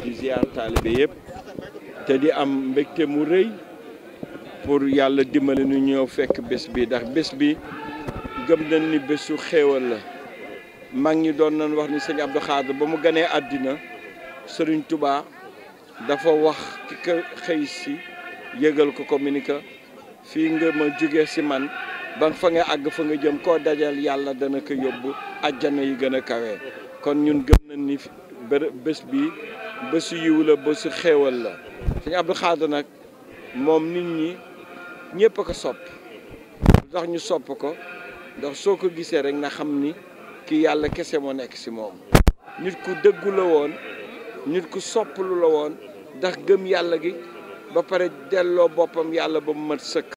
di ziar taalibe yëpp te di am mbégte mu rëy pour yàlla dimbali nu ñëw fekk bés bi ndax bés bi gëm nañ ni bésu xéewal la mag ñi doon nañ wax ni sëñ Abdou Khadre ba mu ganee àddina sëriñ tubaa dafa wax ki ko xëy si yëgal ko communiqué fii nga ma jóge si man ban fa nga àgg fa nga jëm koo dajal yàlla dana ko yóbbu àjjana yi gën a kawe kon ñun gëm nañ ni bés bi bésu yiw la bésu xéewal la sëñ Abdou Khadre nag moom nit ñi ñëpp a ko sopp ndax ñu sopp ko ndax soo ko gisee rek na xam ni ki yàlla kese moo nekk si moom nit ku dëggu la woon nit ku sopplu la woon ndax gëm yàlla gi ba pare delloo boppam yàlla ba mu mat sëkk